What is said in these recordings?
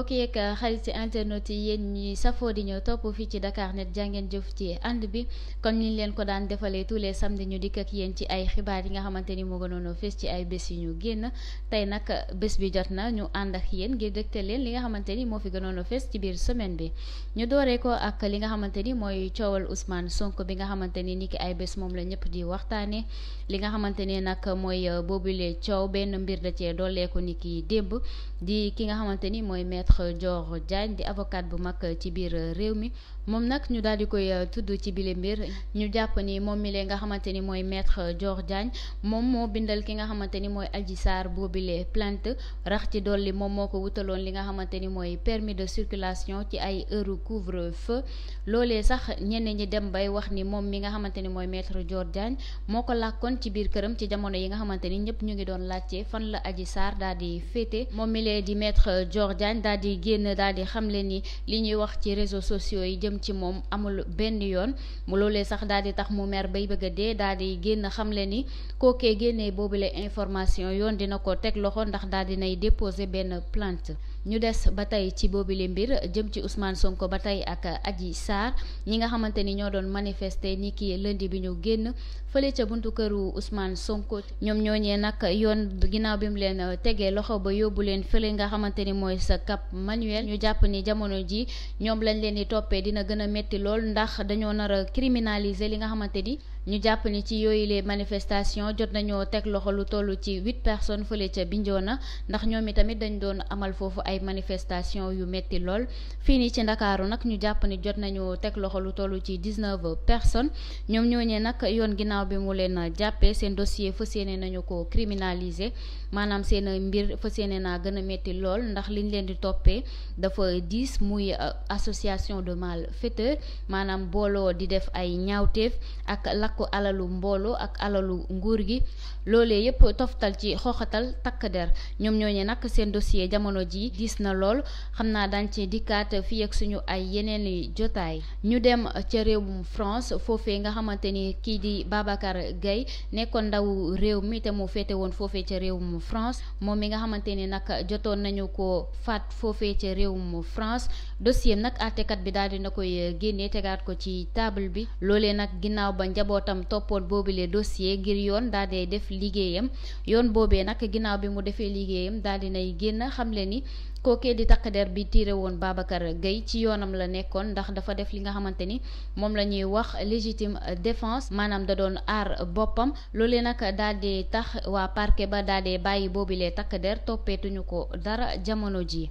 mbokk yeeg xarit ci internet yi yéen ñi safoo di ñoo topp fii ci Dakar Net jàngeen jëf ci ànd bi comme ni leen ko daan defalee tous les samedi ñu dikk ak yéen ci ay xibaar yi nga xamante ni moo gënoon a fees ay bés yu ñu génn tey nag bés bi jot na ñu ànd ak yéen ngir dégtal leen li nga xamante ni moo fi gënoon fees ci biir semaine bi ñu dooree ko ak li nga xamante ni mooy coowal Ousmane Sonko bi nga xamante ni niki ay bés moom la ñëpp di waxtaanee li nga xamante ni nag mooy boobule coow benn mbir da cee dooleeku niki démb di ki nga xamante ni mooy maître maître Dior Diagne di avocat bu mag eh, eh, réew mi moom nag ñu daal di koy eh, tudd ci bile mbir ñu jàpp ni moom mi nga xamante ni mooy maître Dior Diagne moom moo bindal ki nga xamante ni mooy Adji Sarr boobile plainte rax ci dolli moom moo ko wutaloon li nga xamante ni mooy permis de circulation ci ay heure couvre-feu loolee sax ñenn ñi dem bay wax ni moom mi nga xamante ni mooy maître joor Diagne moo ko làkkoon ci biir këram ci jamono yi nga xamante ni ñëpp ñu ngi doon laajte fan la Adji Sarr daal di féete moom mi lee di maître Dior Diagne daal daal di génn daal di xamle ni li ñuy wax ci réseau sociaux yi jëm ci moom amul benn yoon mu loolee sax daal di tax mu mer bay bëgg a dee daal di génn xamle ni kookee génnee boobule information yoon dina ko teg loxo ndax daal di nay déposer benn plainte. ñu des ba tey ci boobile mbir jëm ci usmaan Sonko ba tey ak Adji Sarr ñi nga xamante ni ñoo doon manifester ni kii lundi bi ñu génn fële ca buntu këru Ousmane Sonko ñoom ñooñee nag yoon ginnaaw bi mu leen tegee loxo ba yóbbu leen fële nga xamante ni mooy sa Cap Manuel ñu jàpp ni jamono ji ñoom lañ leen di toppee dina gën a métti lool ndax dañoo nar a criminaliser li nga xamante ni ñu jàpp ni ci yooyu les manifestations jot nañoo teg loxo lu toll ci huit personnes fële ca na ndax ñoom itamit dañ doon amal foofu ay manifestations yu metti lool fii nii ci Ndakaaru nag ñu jàpp ni jot nañoo teg loxo lu toll ci dix-neuf personnes ñoom ñooñee nag yoon ginnaaw bi mu leen jàppee seen dossier fas yéene nañu ko criminaliser maanaam seen mbir fas yéene naa gën a metti lool ndax liñ leen di toppee dafa diis muy euh, association de malfaiteurs maanaam booloo di def ay ñaawteef sàkku alalu mbooloo ak alalu nguur gi loolee yëpp toftal ci xooxatal takk der ñoom ñoo ñooñu nag seen dossier jamono ji diis na lool xam naa daan ci dikkaat fii ak suñu ay yeneen jotaay ñu dem ca réew mu France foofe nga xamante ni kii di Babacar gay nekkoon ndaw réew mi te mu féete woon foofee ca réew mu France moom mi nga xamante ni nag jotoon nañu ko faat foofe ca réewum France dossier nag àttekat bi daal dina koy génnee tegaat ko ci table bi loolee njabootam toppoon boobule dossier ngir yoon daal di def liggéeyam yoon boobee nag ginnaaw bi mu defee liggéeyam daal di nay génn xam le ni kookee di takk der bi tiire woon Babacar Gueye ci yoonam la nekkoon ndax dafa def li nga xamante ni moom la ñuy wax légitime défense maanaam da doon aar boppam loolee nag daal di tax waa parquet ba daal di bàyyi boobilee takk der toppeetuñu ko dara jamono ji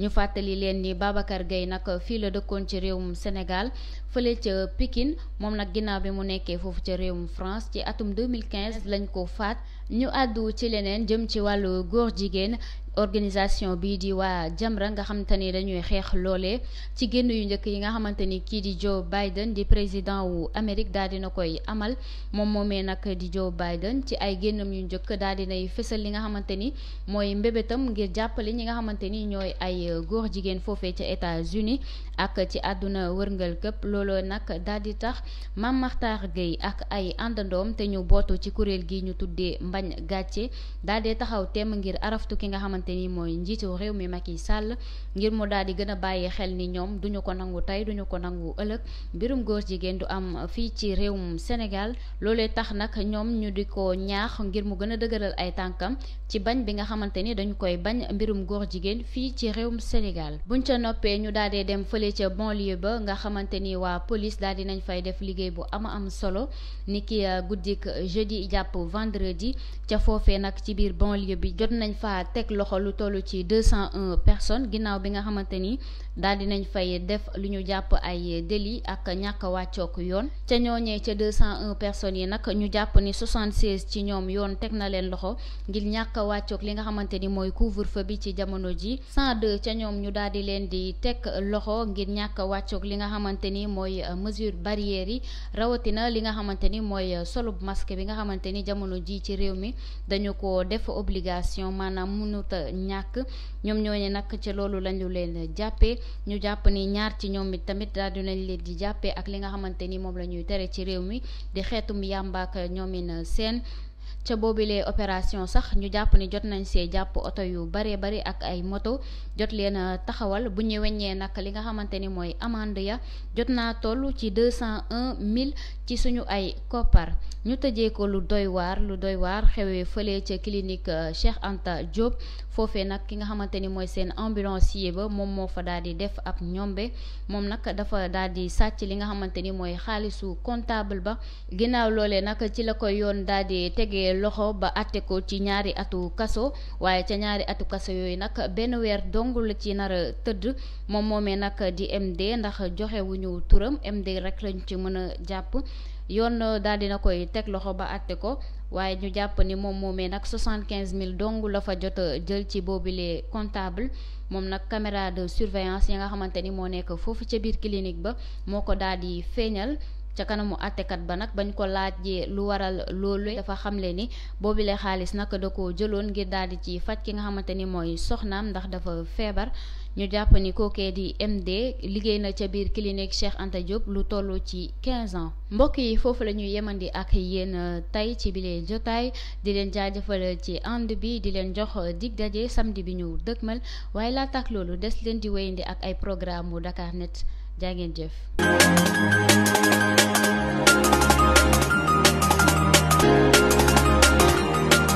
ñu fàttali leen ni Babacar Gueye nag fii la dëkkoon ci réewum Sénégal fële ca Pikine moom nag ginnaaw bi mu nekkee foofu ca réewum France ci atum 2015 lañ ko faat ñu àddu ci leneen jëm ci wàllu góor jigéen organisation bii di waa Jamra nga xamante ni dañuy xeex loole ci génn yu njëkk yi nga xamante ni kii di Joe Biden di président wu Amérique daal na koy amal moom moomee nag di Joe Biden ci ay génnam yu njëkk daal dinay fësal li nga xamante ni mooy mbébétam ngir jàppale ñi nga xamante ni ñooy ay góor jigéen foofee ca États-Unis ak ci àdduna wërngal këpp looloo nag daal di tax Mame Makhtar Gueye ak ay àndandoom te ñu bootu ci kuréel gi ñu tuddee bañ gàcce daal dee taxaw temm ngir araftu ki nga xamante ni mooy njiitu réew mi yi Sall ngir mu daal di gën a bàyyi xel ni ñoom duñu ko nangu tey duñu ko nangu ëllëg mbirum góor jigéen du am fii ci réewum Sénégal loolee tax nag ñoom ñu di ko ñaax ngir mu gën a dëgëral ay tànkam ci bañ bi nga xamante ni dañu koy bañ mbirum góor jigéen fii ci réewum Sénégal buñ ca noppee ñu daal dee dem fële ca banlieue ba nga xamante ni waa police daal di nañ fay def liggéey bu am solo ca foofee nag ci biir banlieue bi jot nañ fa teg loxo lu toll ci deux cent un personnes ginnaaw bi nga xamante ni daal nañ fay def lu ñu jàpp ay délit ak ñàkk wàccook yoon ca ñooñee ca deux cent un personnes yi nag ñu jàpp ni soixante seize ci ñoom yoon teg na leen loxo ngir ñàkk a li nga xamante ni mooy couvre bi ci jamono ji ca ñoom ñu daal di leen di teg loxo ngir ñàkk a wàccook li nga xamante ni mooy mesure barrière yi rawatina li nga xamante ni mooy solub masque bi nga xamante ni jamono ji ci réew mi dañu ko def obligation maanaam mënut a ñàkk ñoom ñooñu nag ci loolu lañu leen jàppee ñu jàpp ni ñaar ci ñoom bi tamit daal dinañ leen di jàppee ak li nga xamante ni moom la ñuy tere ci réew mi di xeetum yàmbaak na seen ca boobilee opération sax ñu jàpp ni jot nañ see jàpp oto yu baree bari ak ay moto jot leen taxawal bu ñu weññee nag li nga xamante ni mooy amande ya jot naa toll ci deux cent mille ci suñu ay koppar ñu tëjee ko lu doy waar lu doy waar xewee fële ca clinique euh, Cheikh Anta Diop foofee nag ki nga xamante ni mooy seen ambulancier ba moom moo fa daal di def ab ñombe moom nag dafa dal di sàcc li nga xamante ni mooy xaalisu comptable ba ginnaaw loolee nag ci la ko yoon daal di teg tegee loxo ba àtte ko ci ñaari atu kaso waaye ca ñaari atu kaso yooyu nag benn weer dong la ci nar tëdd moom moomee nag di MD ndax joxewuñu turam MD rek lañ ci mën a jàpp yoon daal na koy teg loxo ba àtte ko waaye ñu jàpp ni moom moomee nag soixante quinze mille dong la fa jot a jël ci boobile comptable moom nag caméra de surveillance yi nga xamante ni moo nekk foofu ca biir clinique ba moo ko daal feeñal ca kanamu àttekat ba nag bañ ko laajee lu waral loolu dafa xamle ni boobile xaalis nag da koo jëloon ngir daal di ci faj ki nga xamante ni mooy soxnaam ndax dafa feebar ñu jàpp ni kookee di MD liggéey na ca biir clinique Cheikh Anta Diop lu toll ci 15 ans mbokk yi foofu lañuy ñuy yemandi ak yéen euh, tey ci bile jotaay di leen jaajëfal ci ànd bi di leen jox euh, dig samdi bi ñu dëgmal waaye laata ak loolu des leen di wéyandi ak ay programme mu Dakar Net jaa jëf